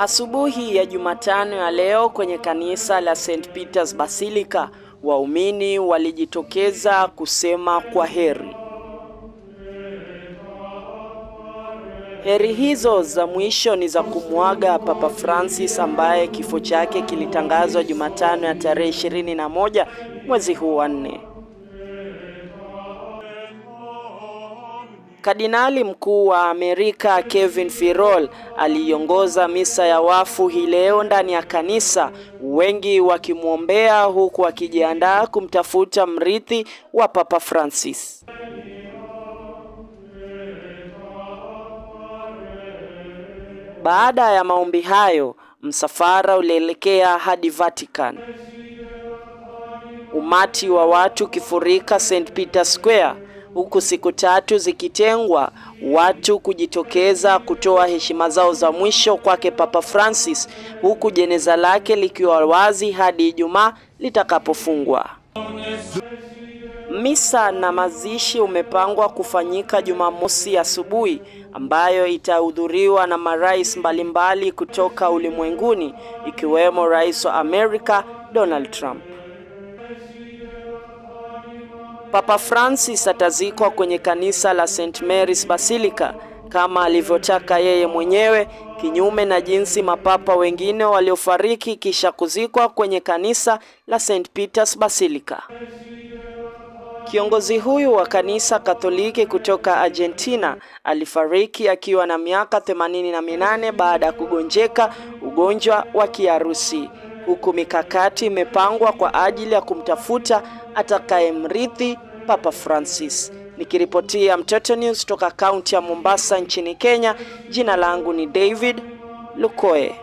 Asubuhi ya Jumatano ya leo kwenye kanisa la St. Peter's Basilica, waumini walijitokeza kusema kwa heri. Heri hizo za mwisho ni za kumwaga Papa Francis ambaye kifo chake kilitangazwa Jumatano ya tarehe 21 mwezi huu wa nne. Kardinali mkuu wa Amerika Kevin Firol aliongoza misa ya wafu hii leo ndani ya kanisa, wengi wakimwombea huku akijiandaa kumtafuta mrithi wa Papa Francis. Baada ya maombi hayo, msafara ulielekea hadi Vatican. Umati wa watu kifurika St Peter Square huku siku tatu zikitengwa watu kujitokeza kutoa heshima zao za mwisho kwake Papa Francis, huku jeneza lake likiwa wazi hadi Ijumaa litakapofungwa. Misa na mazishi umepangwa kufanyika Jumamosi asubuhi ambayo itahudhuriwa na marais mbalimbali kutoka ulimwenguni ikiwemo Rais wa Amerika Donald Trump. Papa Francis atazikwa kwenye kanisa la St Mary's Basilica kama alivyotaka yeye mwenyewe, kinyume na jinsi mapapa wengine waliofariki kisha kuzikwa kwenye kanisa la St Peter's Basilica. Kiongozi huyu wa kanisa Katoliki kutoka Argentina alifariki akiwa na miaka themanini na minane baada ya kugonjeka ugonjwa wa kiharusi huku mikakati imepangwa kwa ajili ya kumtafuta atakayemrithi Papa Francis. Nikiripotia Mtoto News toka kaunti ya Mombasa nchini Kenya, jina langu ni David Lukoe.